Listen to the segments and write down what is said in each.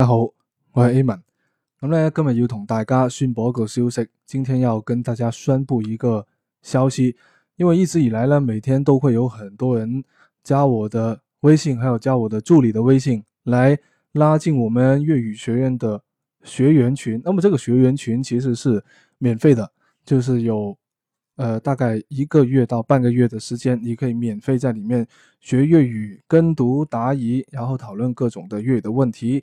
大家好，我係 Amen，咁咧今日要同大家宣布一個消息。今天要跟大家宣布一個消息，因為一直以來呢，每天都會有很多人加我的微信，還有加我的助理的微信，來拉進我們粵語學院的學員群。那麼這個學員群其實是免費的，就是有，呃大概一個月到半個月的時間，你可以免費在裏面學粵語、跟讀、答疑，然後討論各種的粵語的問題。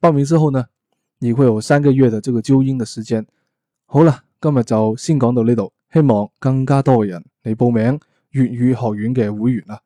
報名之後呢，你會有三個月的這個糾音的時間。好了，今日就先講到呢度，希望更加多人嚟報名粵語學院嘅會員啦。